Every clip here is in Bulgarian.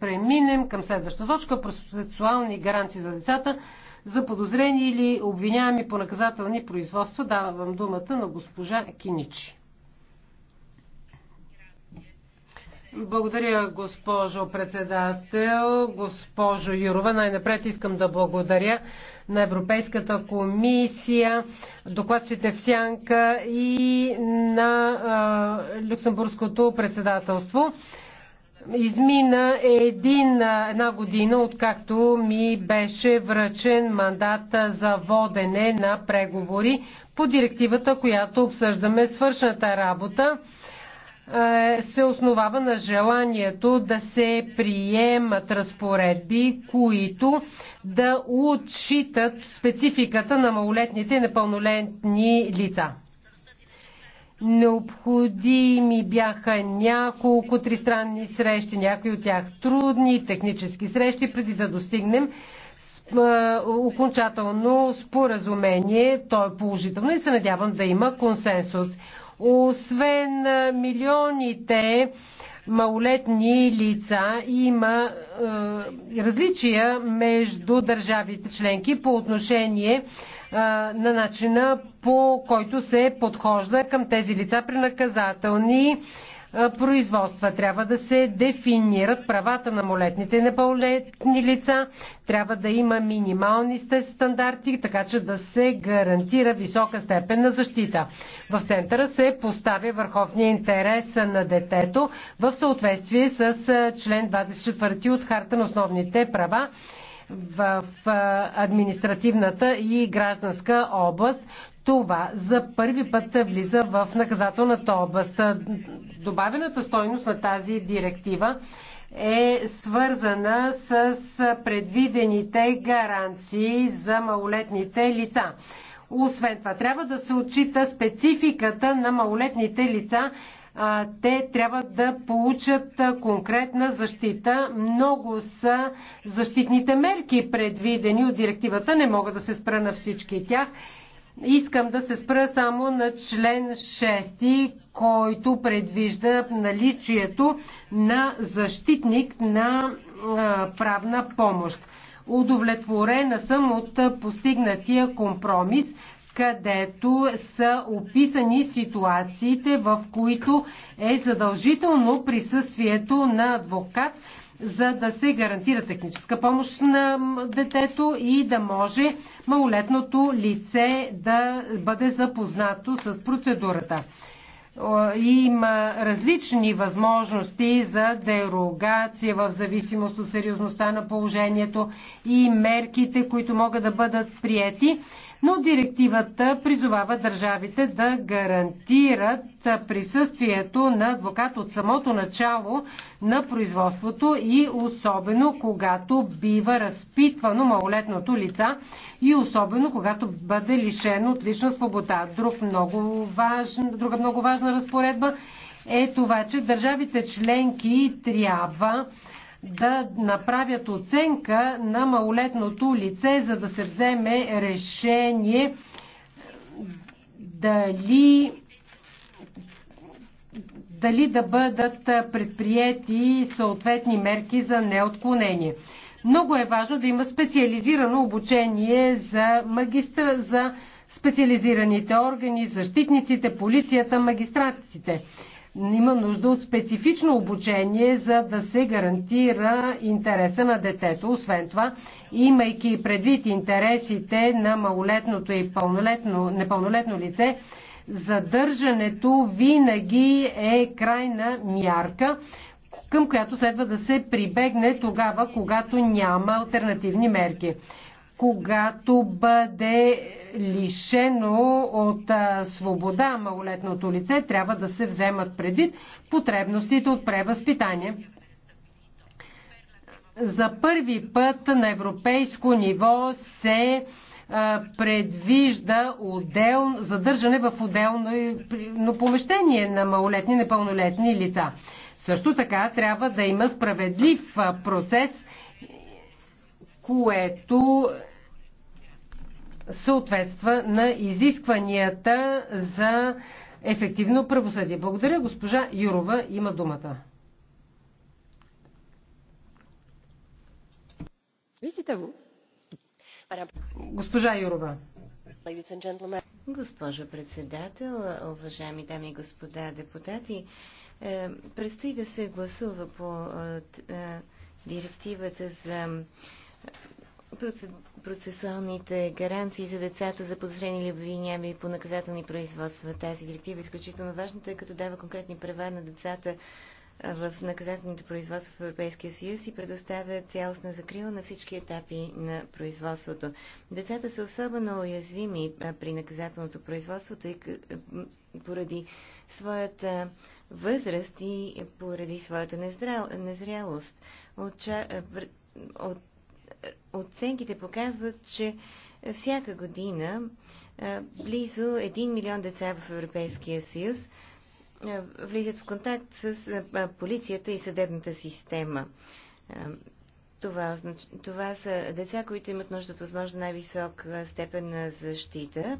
преминем към следващата точка процесуални гаранции за децата за подозрени или обвиняеми по наказателни производства. Давам думата на госпожа Киничи. Благодаря, госпожо председател. Госпожо Юрова, най-напред искам да благодаря на Европейската комисия, докладчите в Сянка и на а, Люксембургското председателство. Измина един, една година, откакто ми беше връчен мандат за водене на преговори по директивата, която обсъждаме свършната работа се основава на желанието да се приемат разпоредби, които да отчитат спецификата на малолетните и непълнолетни лица. Необходими бяха няколко тристранни срещи, някои от тях трудни, технически срещи, преди да достигнем окончателно споразумение. То е положително и се надявам да има консенсус. Освен милионите малолетни лица има е, различия между държавите членки по отношение на начина по който се подхожда към тези лица при наказателни производства. Трябва да се дефинират правата на молетните и непълнолетни лица. Трябва да има минимални стандарти, така че да се гарантира висока степен на защита. В центъра се поставя върховния интерес на детето в съответствие с член 24 от Харта на основните права в административната и гражданска област. Това за първи път влиза в наказателната област. Добавената стойност на тази директива е свързана с предвидените гаранции за малолетните лица. Освен това, трябва да се отчита спецификата на малолетните лица те трябва да получат конкретна защита. Много са защитните мерки, предвидени от директивата. Не мога да се спра на всички тях. Искам да се спра само на член 6, който предвижда наличието на защитник на правна помощ. Удовлетворена съм от постигнатия компромис където са описани ситуациите, в които е задължително присъствието на адвокат, за да се гарантира техническа помощ на детето и да може малолетното лице да бъде запознато с процедурата има различни възможности за дерогация в зависимост от сериозността на положението и мерките, които могат да бъдат приети, но директивата призовава държавите да гарантират присъствието на адвокат от самото начало на производството и особено когато бива разпитвано малолетното лица и особено когато бъде лишено от лична свобода. Друг много важен, друга много важна важна разпоредба, е това, че държавите членки трябва да направят оценка на малолетното лице, за да се вземе решение дали, дали да бъдат предприяти съответни мерки за неотклонение. Много е важно да има специализирано обучение за магистра, за специализираните органи, защитниците, полицията, магистратите. Има нужда от специфично обучение, за да се гарантира интереса на детето. Освен това, имайки предвид интересите на малолетното и пълнолетно, непълнолетно лице, задържането винаги е крайна мярка, към която следва да се прибегне тогава, когато няма альтернативни мерки когато бъде лишено от свобода малолетното лице, трябва да се вземат предвид потребностите от превъзпитание. За първи път на европейско ниво се предвижда отдел, задържане в отделно помещение на малолетни, непълнолетни лица. Също така трябва да има справедлив процес, което съответства на изискванията за ефективно правосъдие. Благодаря, госпожа Юрова има думата. го. Госпожа Юрова. Госпожо председател, уважаеми дами и господа депутати, е, предстои да се гласува по е, е, директивата за процедура процесуалните гаранции за децата за подозрени или обвиняеми по наказателни производства. Тази директива е изключително важна, тъй като дава конкретни права на децата в наказателните производства в Европейския съюз и предоставя цялостна закрила на всички етапи на производството. Децата са особено уязвими при наказателното производство, тъй като поради своята възраст и поради своята незрялост. От, от оценките показват, че всяка година близо 1 милион деца в Европейския съюз влизат в контакт с полицията и съдебната система. Това, това са деца, които имат нужда от възможно най-висока степен на защита.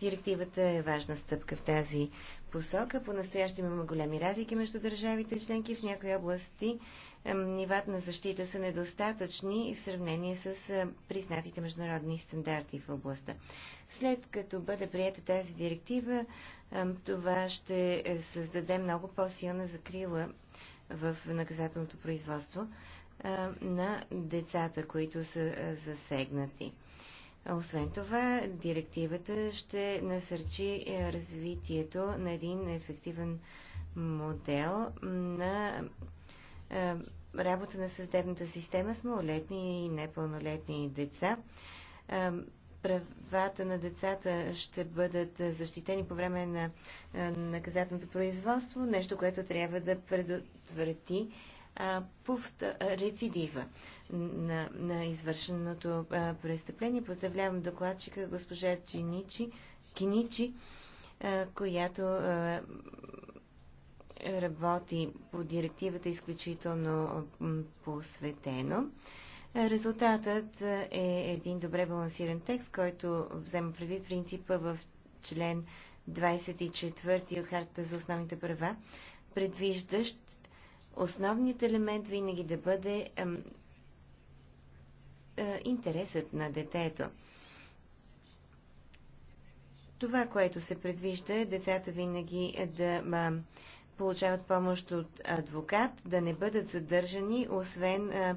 Директивата е важна стъпка в тази посока. По-настоящем има големи разлики между държавите членки. В някои области нивата на защита са недостатъчни в сравнение с признатите международни стандарти в областта. След като бъде прията тази директива, това ще е, създаде много по-силна закрила в наказателното производство на децата, които са засегнати. Освен това, директивата ще насърчи развитието на един ефективен модел на работа на съдебната система с малолетни и непълнолетни деца. Правата на децата ще бъдат защитени по време на наказателното производство, нещо, което трябва да предотврати а, повта, рецидива на, на извършеното а, престъпление. Поздравлявам докладчика госпожа Чиничи, Киничи, а, която а, работи по директивата изключително посветено. Резултатът е един добре балансиран текст, който взема предвид принципа в член 24 от Хартата за основните права, предвиждащ, основният елемент винаги да бъде ам, а, интересът на детето. Това, което се предвижда е децата винаги е, да а, получават помощ от адвокат, да не бъдат задържани, освен а,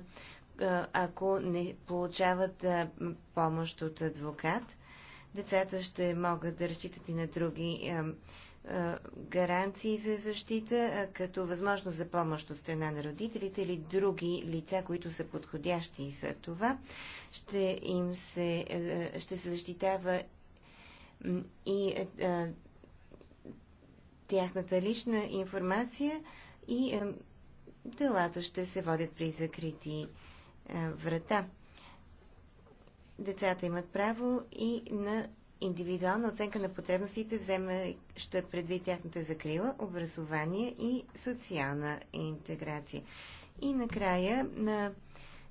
ако не получават а, помощ от адвокат. Децата ще могат да разчитат и на други а, гаранции за защита, като възможност за помощ от страна на родителите или други лица, които са подходящи за това. Ще, им се, ще се защитава и тяхната лична информация и делата ще се водят при закрити врата. Децата имат право и на индивидуална оценка на потребностите, вземаща предвид тяхната закрила, образование и социална интеграция. И накрая на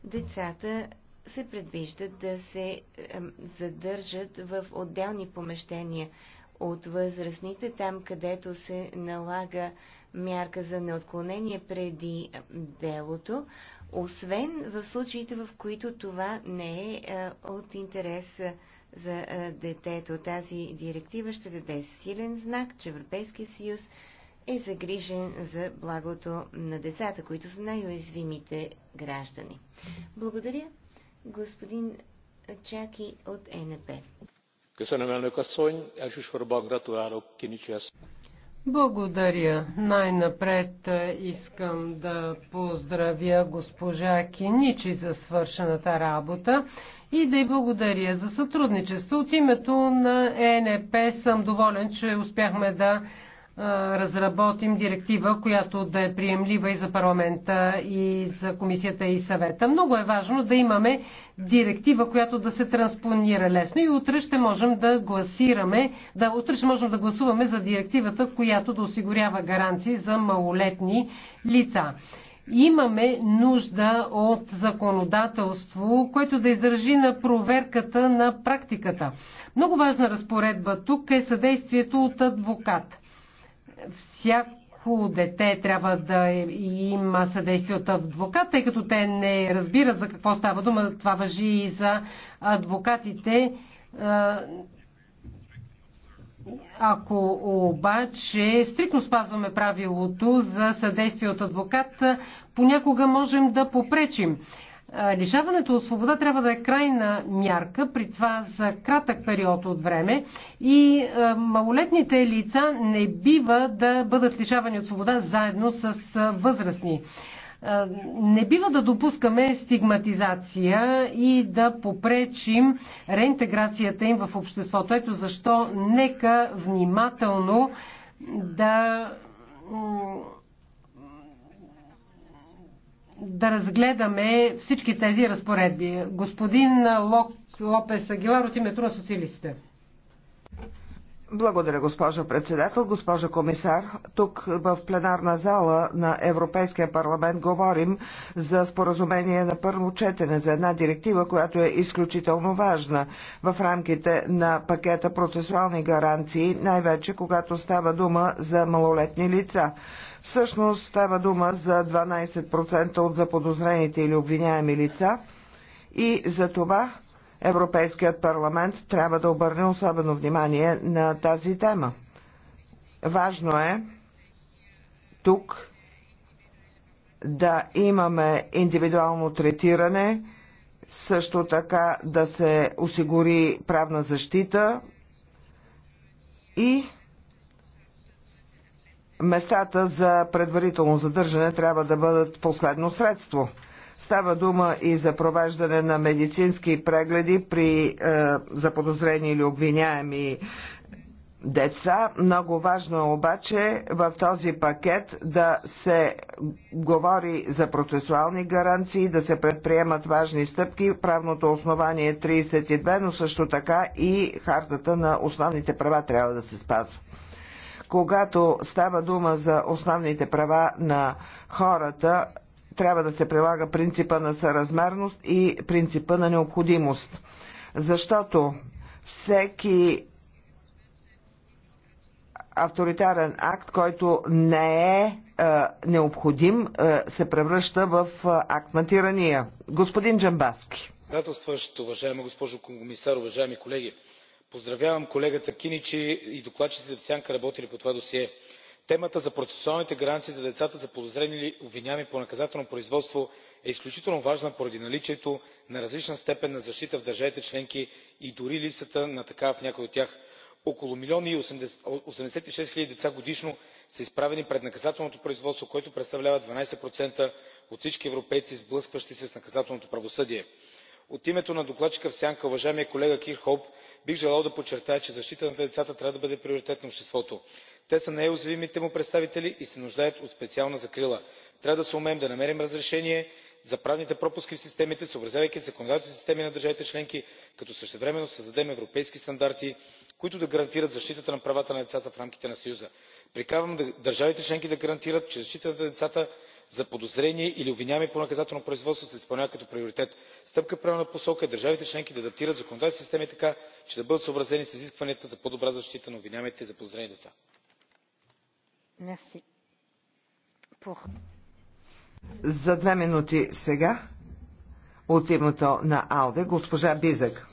децата се предвижда да се задържат в отделни помещения от възрастните, там където се налага мярка за неотклонение преди делото, освен в случаите, в които това не е, е от интерес е, за детето. Тази директива ще даде силен знак, че Европейския съюз е загрижен за благото на децата, които са най-уязвимите граждани. Благодаря, господин Чаки от НП. Köszönöm, elnök asszony. Elsősorban gratulálok Kinicsi благодаря. Най-напред е, искам да поздравя госпожа Киничи за свършената работа и да й благодаря за сътрудничество. От името на ЕНП съм доволен, че успяхме да разработим директива, която да е приемлива и за парламента, и за комисията и съвета. Много е важно да имаме директива, която да се транспонира лесно и утре ще можем да гласираме, да, утре ще можем да гласуваме за директивата, която да осигурява гаранции за малолетни лица имаме нужда от законодателство, което да издържи на проверката на практиката. Много важна разпоредба тук е съдействието от адвокат всяко дете трябва да има съдействие от адвокат, тъй като те не разбират за какво става дума. Това въжи и за адвокатите. Ако обаче стрикно спазваме правилото за съдействие от адвокат, понякога можем да попречим. Лишаването от свобода трябва да е крайна мярка, при това за кратък период от време и малолетните лица не бива да бъдат лишавани от свобода заедно с възрастни. Не бива да допускаме стигматизация и да попречим реинтеграцията им в обществото. Ето защо нека внимателно да да разгледаме всички тези разпоредби. Господин Лок, Лопес Агилар от името на социалистите. Благодаря, госпожо председател, госпожо комисар. Тук в пленарна зала на Европейския парламент говорим за споразумение на първо четене за една директива, която е изключително важна в рамките на пакета процесуални гаранции, най-вече когато става дума за малолетни лица. Всъщност става дума за 12% от заподозрените или обвиняеми лица и за това Европейският парламент трябва да обърне особено внимание на тази тема. Важно е тук да имаме индивидуално третиране, също така да се осигури правна защита и местата за предварително задържане трябва да бъдат последно средство. Става дума и за провеждане на медицински прегледи при е, заподозрени или обвиняеми деца. Много важно е обаче в този пакет да се говори за процесуални гаранции, да се предприемат важни стъпки. Правното основание е 32, но също така и хартата на основните права трябва да се спазва когато става дума за основните права на хората, трябва да се прилага принципа на съразмерност и принципа на необходимост. Защото всеки авторитарен акт, който не е, е необходим, е, се превръща в е, акт на тирания. Господин Джамбаски. Председателстващ, уважаема госпожо комисар, уважаеми колеги! поздравявам колегата киничи и докладчиците в сянка работили по това досие. темата за процесуалните гаранции за децата заподозрени или обвиняеми по наказателно производство е изключително важна поради наличието на различна степен на защита в държавите членки и дори липсата на такава в някои от тях. около милион и осемдесет и шест хиляди деца годишно са изправени пред наказателното производство което представлява дванадесет от всички европейци сблъскващи се с наказателното правосъдие. от името на докладчика в сянка уважаемия колега кирхоп бих желал да подчертая че защитата на децата трябва да бъде приоритет на обществото. те са най уязвимите му представители и се нуждаят от специална закрила. трябва да съумеем да намерим разрешение за правните пропуски в системите съобразявайки се със законодателните системи на държавите членки като същевременно създадем европейски стандарти които да гарантират защитата на правата на децата в рамките на съюза. приканвам държавите членки да гарантират че защитата на децата подозрение или обвиняеми по наказателно производство се изпълнява като приоритет. стъпка в правилната посока е държавите членки да адаптират законодателните си системи така че да бъдат съобразени с изискванията за по добра защита на обвиняемите и заподозрените лица. За две минути сега от името на АЛДЕ госпожа Бизек.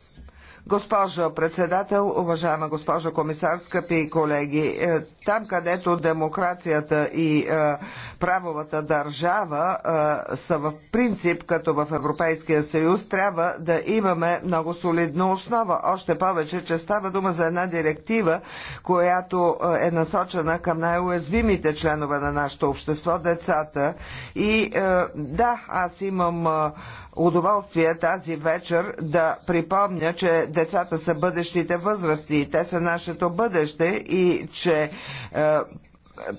Госпожо председател, уважаема госпожо комисар, скъпи колеги, е, там където демокрацията и е, правовата държава е, са в принцип като в Европейския съюз, трябва да имаме много солидна основа. Още повече, че става дума за една директива, която е насочена към най-уязвимите членове на нашето общество, децата. И да, аз имам удоволствие е тази вечер да припомня, че децата са бъдещите възрасти, те са нашето бъдеще и че е,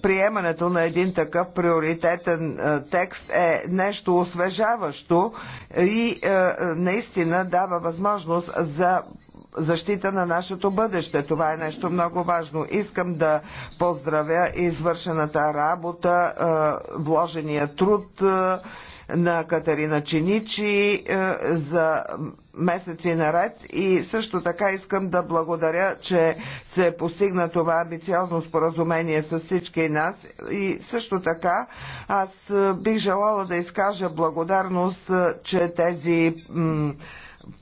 приемането на един такъв приоритетен е, текст е нещо освежаващо и наистина дава възможност за защита на нашето бъдеще. Това е нещо много важно. Искам да поздравя извършената работа, вложения труд на Катерина Чиничи е, за месеци наред и също така искам да благодаря, че се постигна това амбициозно споразумение с всички нас и също така аз е, бих желала да изкажа благодарност, е, че тези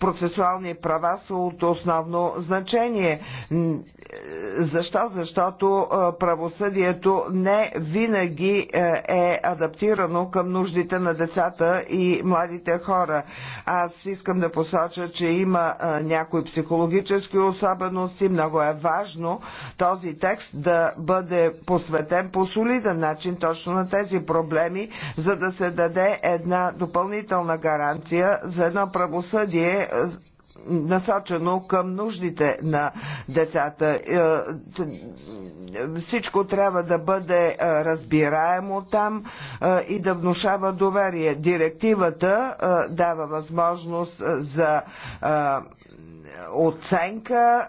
процесуални права са от основно значение. Е, защо? Защото е, правосъдието не винаги е, е адаптирано към нуждите на децата и младите хора. Аз искам да посоча, че има някои психологически особености. Много е важно този текст да бъде посветен по солиден начин точно на тези проблеми, за да се даде една допълнителна гаранция за едно правосъдие, е насочено към нуждите на децата. Е, всичко трябва да бъде е, разбираемо там е, и да внушава доверие. Директивата дава възможност за оценка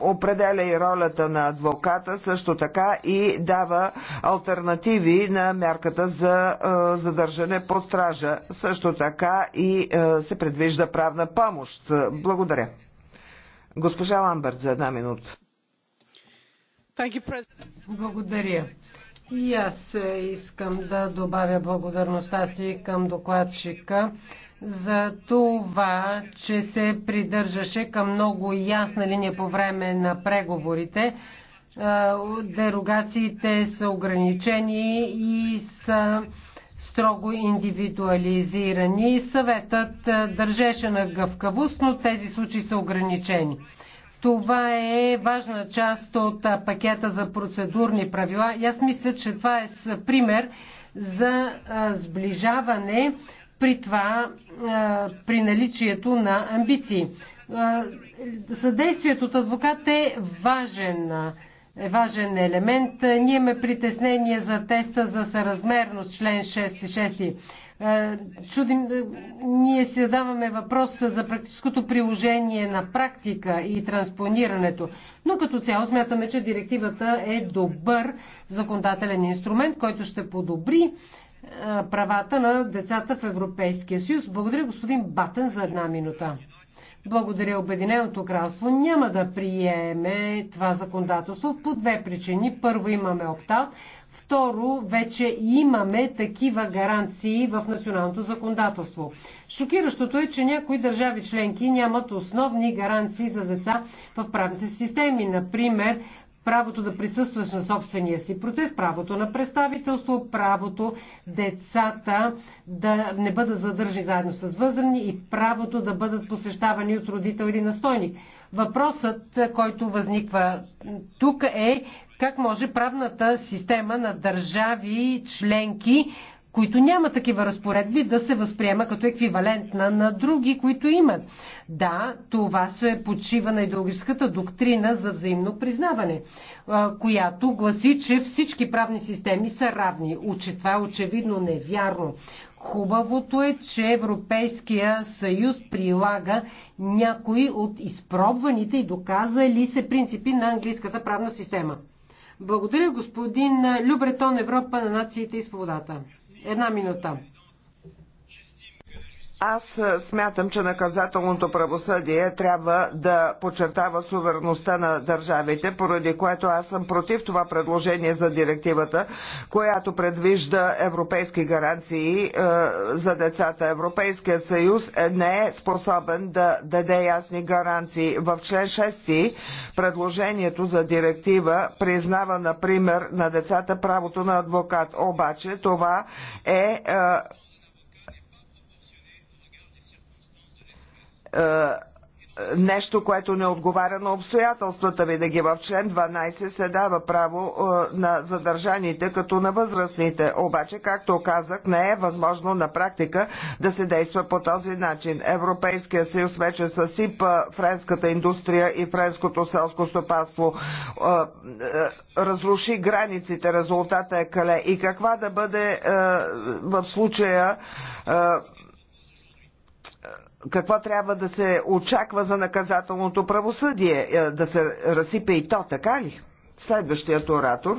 определя и ролята на адвоката, също така и дава альтернативи на мярката за е, задържане под стража. Също така и е, се предвижда правна помощ. Благодаря. Госпожа Ламберт за една минута. Благодаря. И аз искам да добавя благодарността си към докладчика за това, че се придържаше към много ясна линия по време на преговорите. Дерогациите са ограничени и са строго индивидуализирани. Съветът държеше на гъвкавост, но тези случаи са ограничени. Това е важна част от пакета за процедурни правила. И аз мисля, че това е пример за сближаване при това при наличието на амбиции. Съдействието от адвокат е важен, е важен елемент. Ние имаме притеснение за теста за съразмерност, член 6.6. Чудим, ние си задаваме въпрос за практическото приложение на практика и транспонирането, но като цяло смятаме, че директивата е добър законодателен инструмент, който ще подобри правата на децата в Европейския съюз. Благодаря господин Батен за една минута. Благодаря Обединеното кралство няма да приеме това законодателство по две причини. Първо имаме оптал, Второ, вече имаме такива гаранции в националното законодателство. Шокиращото е, че някои държави членки нямат основни гаранции за деца в правните системи. Например, правото да присъстваш на собствения си процес, правото на представителство, правото децата да не бъдат задържани заедно с възрани и правото да бъдат посещавани от родител или настойник. Въпросът, който възниква тук е как може правната система на държави членки които няма такива разпоредби, да се възприема като еквивалентна на други, които имат. Да, това се почива на идеологическата доктрина за взаимно признаване, която гласи, че всички правни системи са равни. Уче, това е очевидно невярно. Хубавото е, че Европейския съюз прилага някои от изпробваните и доказали се принципи на английската правна система. Благодаря господин Любретон Европа на нациите и свободата. Една минута. Аз смятам, че наказателното правосъдие трябва да подчертава сувереността на държавите, поради което аз съм против това предложение за директивата, която предвижда европейски гаранции за децата. Европейският съюз не е способен да даде ясни гаранции. В член 6 предложението за директива признава, например, на децата правото на адвокат. Обаче това е Е, нещо, което не отговаря на обстоятелствата. Винаги в член 12 се дава право е, на задържаните като на възрастните. Обаче, както казах, не е възможно на практика да се действа по този начин. Европейския съюз вече съсипа френската индустрия и френското селско стопанство. Е, разруши границите, резултата е кале. И каква да бъде в случая какво трябва да се очаква за наказателното правосъдие? Е, да се разсипе и то, така ли? Следващият оратор.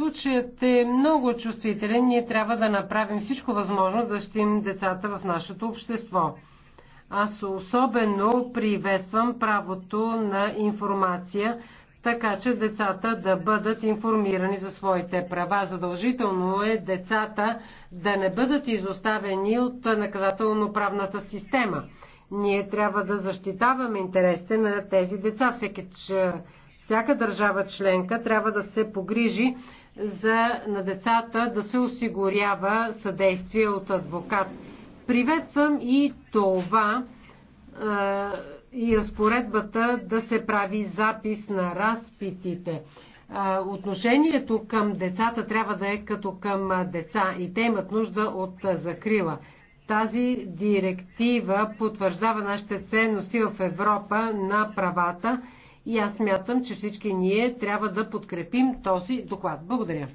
случаят е много чувствителен. Ние трябва да направим всичко възможно да щим децата в нашето общество. Аз особено приветствам правото на информация, така че децата да бъдат информирани за своите права. Задължително е децата да не бъдат изоставени от наказателно-правната система. Ние трябва да защитаваме интересите на тези деца. Всеки, че всяка държава членка трябва да се погрижи за, на децата да се осигурява съдействие от адвокат. Приветствам и това е, и разпоредбата да се прави запис на разпитите. Е, отношението към децата трябва да е като към деца и те имат нужда от закрила. Тази директива потвърждава нашите ценности в Европа на правата и аз смятам, че всички ние трябва да подкрепим този доклад. Благодаря.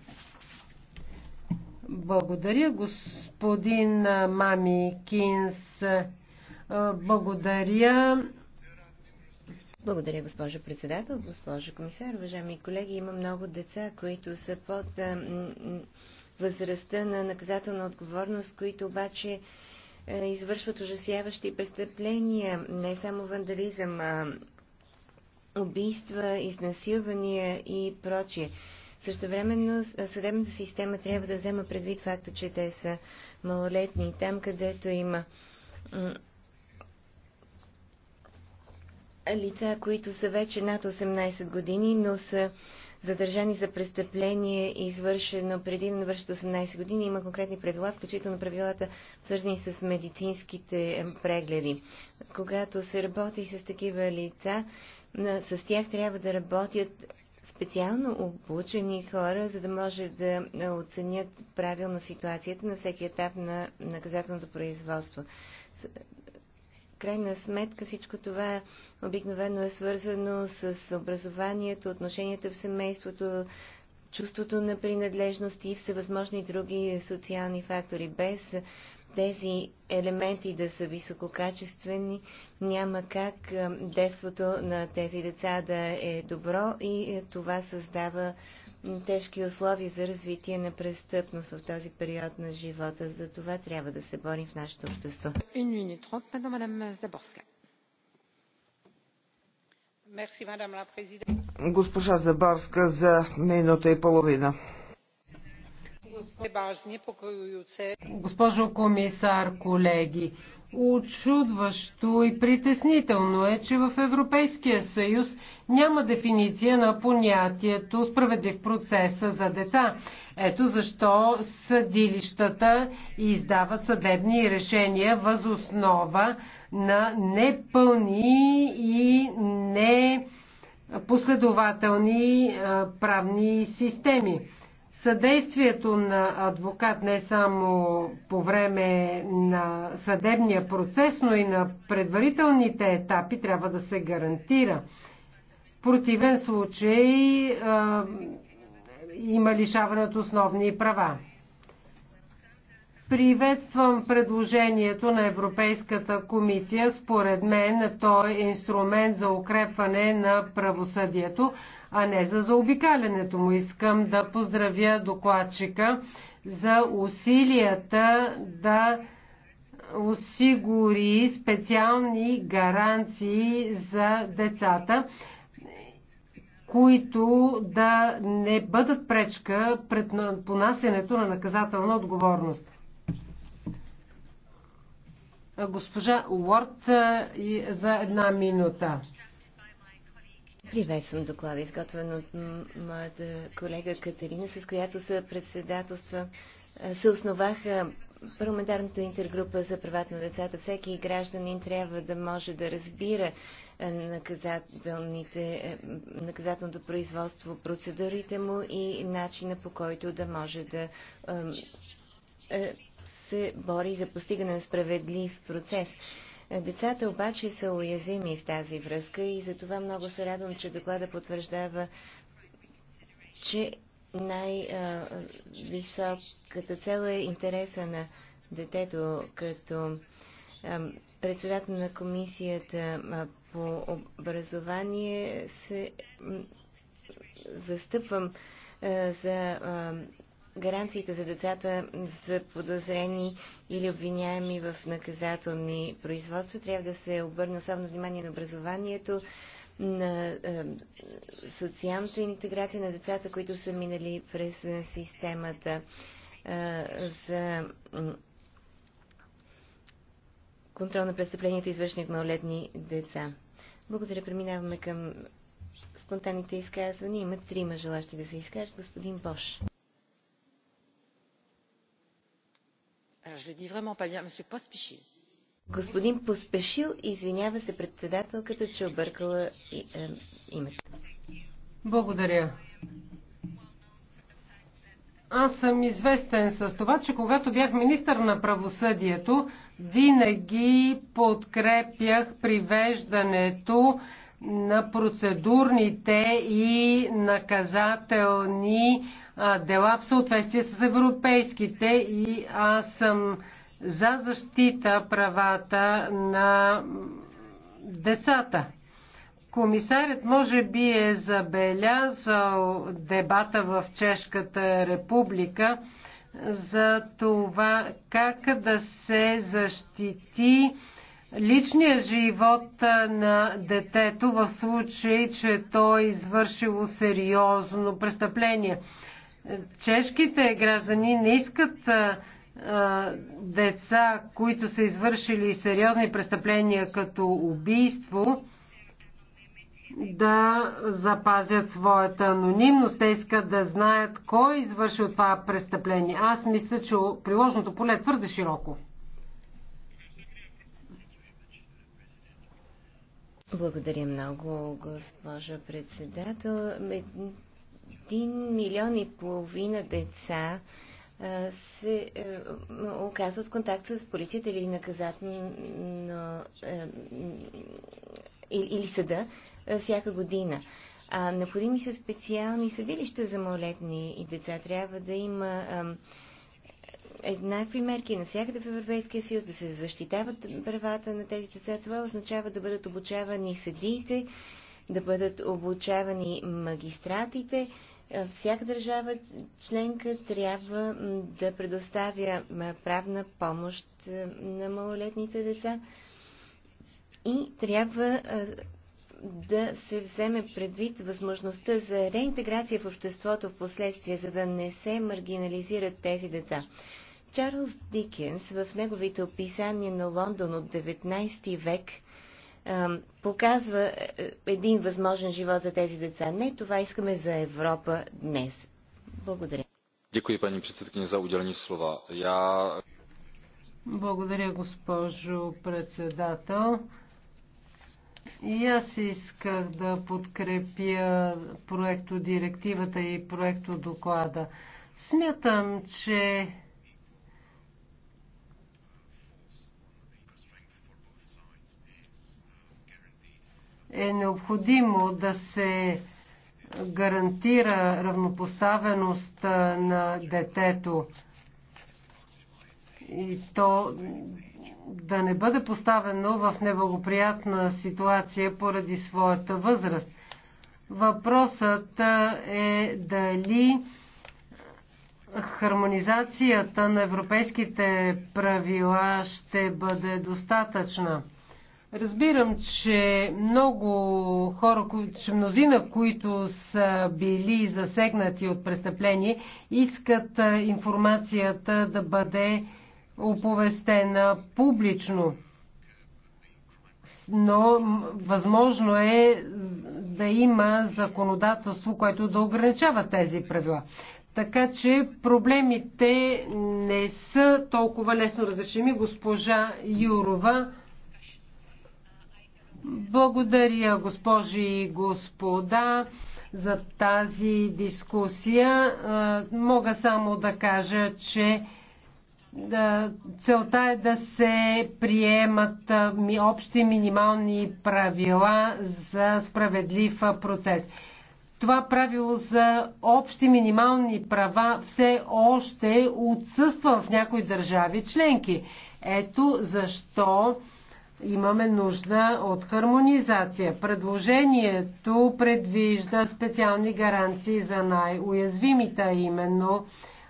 Благодаря, господин Мами Кинс. Благодаря. Благодаря, госпожо председател, госпожо комисар. Уважаеми колеги, има много деца, които са под възрастта на наказателна отговорност, които обаче извършват ужасяващи престъпления, не само вандализъм, а убийства, изнасилвания и прочие. Също времено съдебната система трябва да взема предвид факта, че те са малолетни. Там, където има лица, които са вече над 18 години, но са задържани за престъпление, извършено преди да навършат 18 години, има конкретни правила, включително правилата, свързани с медицинските прегледи. Когато се работи с такива лица, с тях трябва да работят специално обучени хора, за да може да оценят правилно ситуацията на всеки етап на наказателното производство. Крайна сметка всичко това обикновено е свързано с образованието, отношенията в семейството, чувството на принадлежност и всевъзможни други социални фактори. Без тези елементи да са висококачествени, няма как детството на тези деца да е добро и това създава тежки условия за развитие на престъпност в този период на живота. За това трябва да се борим в нашето общество. Госпожа Заборска за минута и половина. Госпожо комисар, колеги, Очудващо и притеснително е, че в Европейския съюз няма дефиниция на понятието справедлив процес за деца. Ето защо съдилищата издават съдебни решения въз основа на непълни и непоследователни правни системи. Съдействието на адвокат не само по време на съдебния процес, но и на предварителните етапи трябва да се гарантира. В противен случай а, има лишаване от основни права. Приветствам предложението на Европейската комисия. Според мен то е инструмент за укрепване на правосъдието, а не за заобикалянето му. Искам да поздравя докладчика за усилията да осигури специални гаранции за децата, които да не бъдат пречка пред понасенето на наказателна отговорност. Госпожа Уорд за една минута. Приветствам доклада, изготвен от моята колега Катерина, с която се председателства е, се основаха парламентарната интергрупа за правата на децата. Всеки гражданин трябва да може да разбира е, наказателните, е, наказателното производство, процедурите му и начина по който да може да се бори за постигане на справедлив процес. Децата обаче са уязвими в тази връзка и затова много се радвам, че доклада потвърждава, че най-високата цел е интереса на детето като председател на комисията по образование се застъпвам за гаранциите за децата за подозрени или обвиняеми в наказателни производства. Трябва да се обърне особено внимание на образованието, на е, социалната интеграция на децата, които са минали през системата е, за контрол на престъпленията, извършени от малолетни деца. Благодаря. Преминаваме към спонтанните изказвания. Има трима желащи да се изкажат. Господин Бош. Господин Поспешил, извинява се председателката, че е объркала е, името. Благодаря. Аз съм известен с това, че когато бях министър на правосъдието, винаги подкрепях привеждането на процедурните и наказателни дела в съответствие с европейските и аз съм за защита правата на децата. Комисарят може би е забелязал дебата в Чешката република за това как да се защити личният живот на детето в случай, че то е извършило сериозно престъпление. Чешките граждани не искат деца, които са извършили сериозни престъпления като убийство, да запазят своята анонимност. Те искат да знаят кой е извършил това престъпление. Аз мисля, че приложното поле е твърде широко. Благодаря много, госпожа председател. Един милион и половина деца се е, оказват контакт с полицията или наказателно е, или съда е, всяка година. А, необходими са специални съдилища за малолетни и деца. Трябва да има еднакви мерки навсякъде в Европейския съюз, да се защитават правата на тези деца. Това означава да бъдат обучавани съдиите, да бъдат обучавани магистратите. Е, всяка държава членка трябва да предоставя правна помощ е, на малолетните деца и трябва е, да се вземе предвид възможността за реинтеграция в обществото в последствие, за да не се маргинализират тези деца. Чарлз Дикенс в неговите описания на Лондон от 19 век показва е, е, един възможен живот за тези деца. Не, това искаме за Европа днес. Благодаря. Дякую, пани předsedkyně за уделени слова. Я... Благодаря, госпожо председател. И аз исках да подкрепя проекто директивата и проекто доклада. Смятам, че е необходимо да се гарантира равнопоставеност на детето и то да не бъде поставено в неблагоприятна ситуация поради своята възраст. Въпросът е дали хармонизацията на европейските правила ще бъде достатъчна. Разбирам, че много хора, че мнозина, които са били засегнати от престъпление, искат информацията да бъде оповестена публично. Но възможно е да има законодателство, което да ограничава тези правила. Така че проблемите не са толкова лесно разрешими. Госпожа Юрова благодаря, госпожи и господа, за тази дискусия. Мога само да кажа, че целта е да се приемат общи минимални правила за справедлив процес. Това правило за общи минимални права все още отсъства в някои държави членки. Ето защо Имаме нужда от хармонизация. Предложението предвижда специални гаранции за най-уязвимите, а именно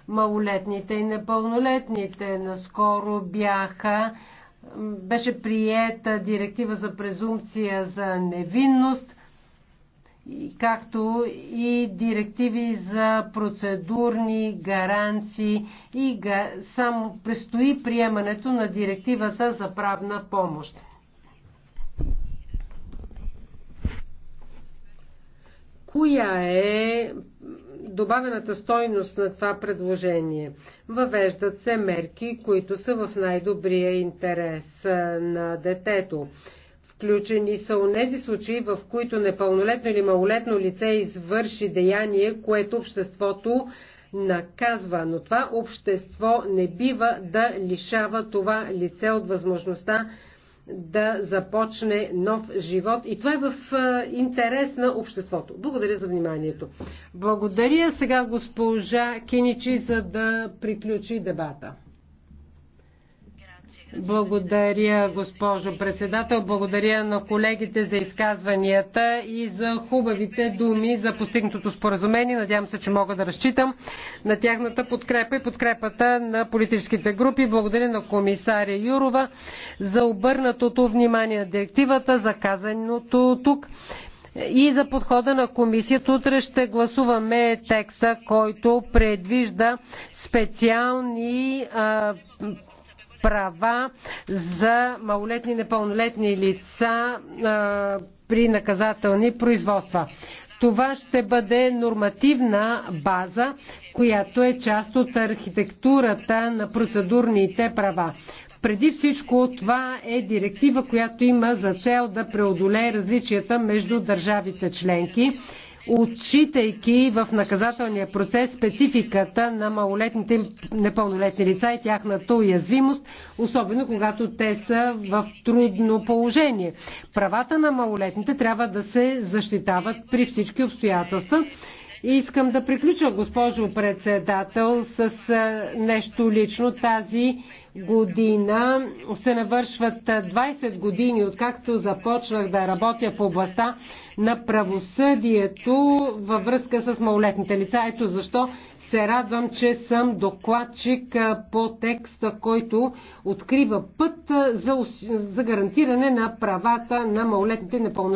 малолетните и непълнолетните. Наскоро бяха беше приета директива за презумпция за невинност както и директиви за процедурни гаранции и га... само предстои приемането на директивата за правна помощ. Коя е добавената стойност на това предложение. Въвеждат се мерки, които са в най-добрия интерес на детето. Включени са онези случаи, в които непълнолетно или малолетно лице извърши деяние, което обществото наказва, но това общество не бива да лишава това лице от възможността да започне нов живот. И това е в интерес на обществото. Благодаря за вниманието. Благодаря сега госпожа Киничи, за да приключи дебата. Благодаря, госпожо председател. Благодаря на колегите за изказванията и за хубавите думи за постигнатото споразумение. Надявам се, че мога да разчитам на тяхната подкрепа и подкрепата на политическите групи. Благодаря на комисаря Юрова за обърнатото внимание на директивата, за казаното тук и за подхода на комисията. Утре ще гласуваме текста, който предвижда специални а, права за малолетни и непълнолетни лица при наказателни производства. Това ще бъде нормативна база, която е част от архитектурата на процедурните права. Преди всичко това е директива, която има за цел да преодолее различията между държавите членки отчитайки в наказателния процес спецификата на малолетните непълнолетни лица и тяхната уязвимост, особено когато те са в трудно положение. Правата на малолетните трябва да се защитават при всички обстоятелства. И искам да приключа, госпожо председател, с нещо лично. Тази година се навършват 20 години, откакто започнах да работя в областта на правосъдието във връзка с малолетните лица. Ето защо се радвам, че съм докладчик по текста, който открива път за, гарантиране на правата на малолетните непълнолетни.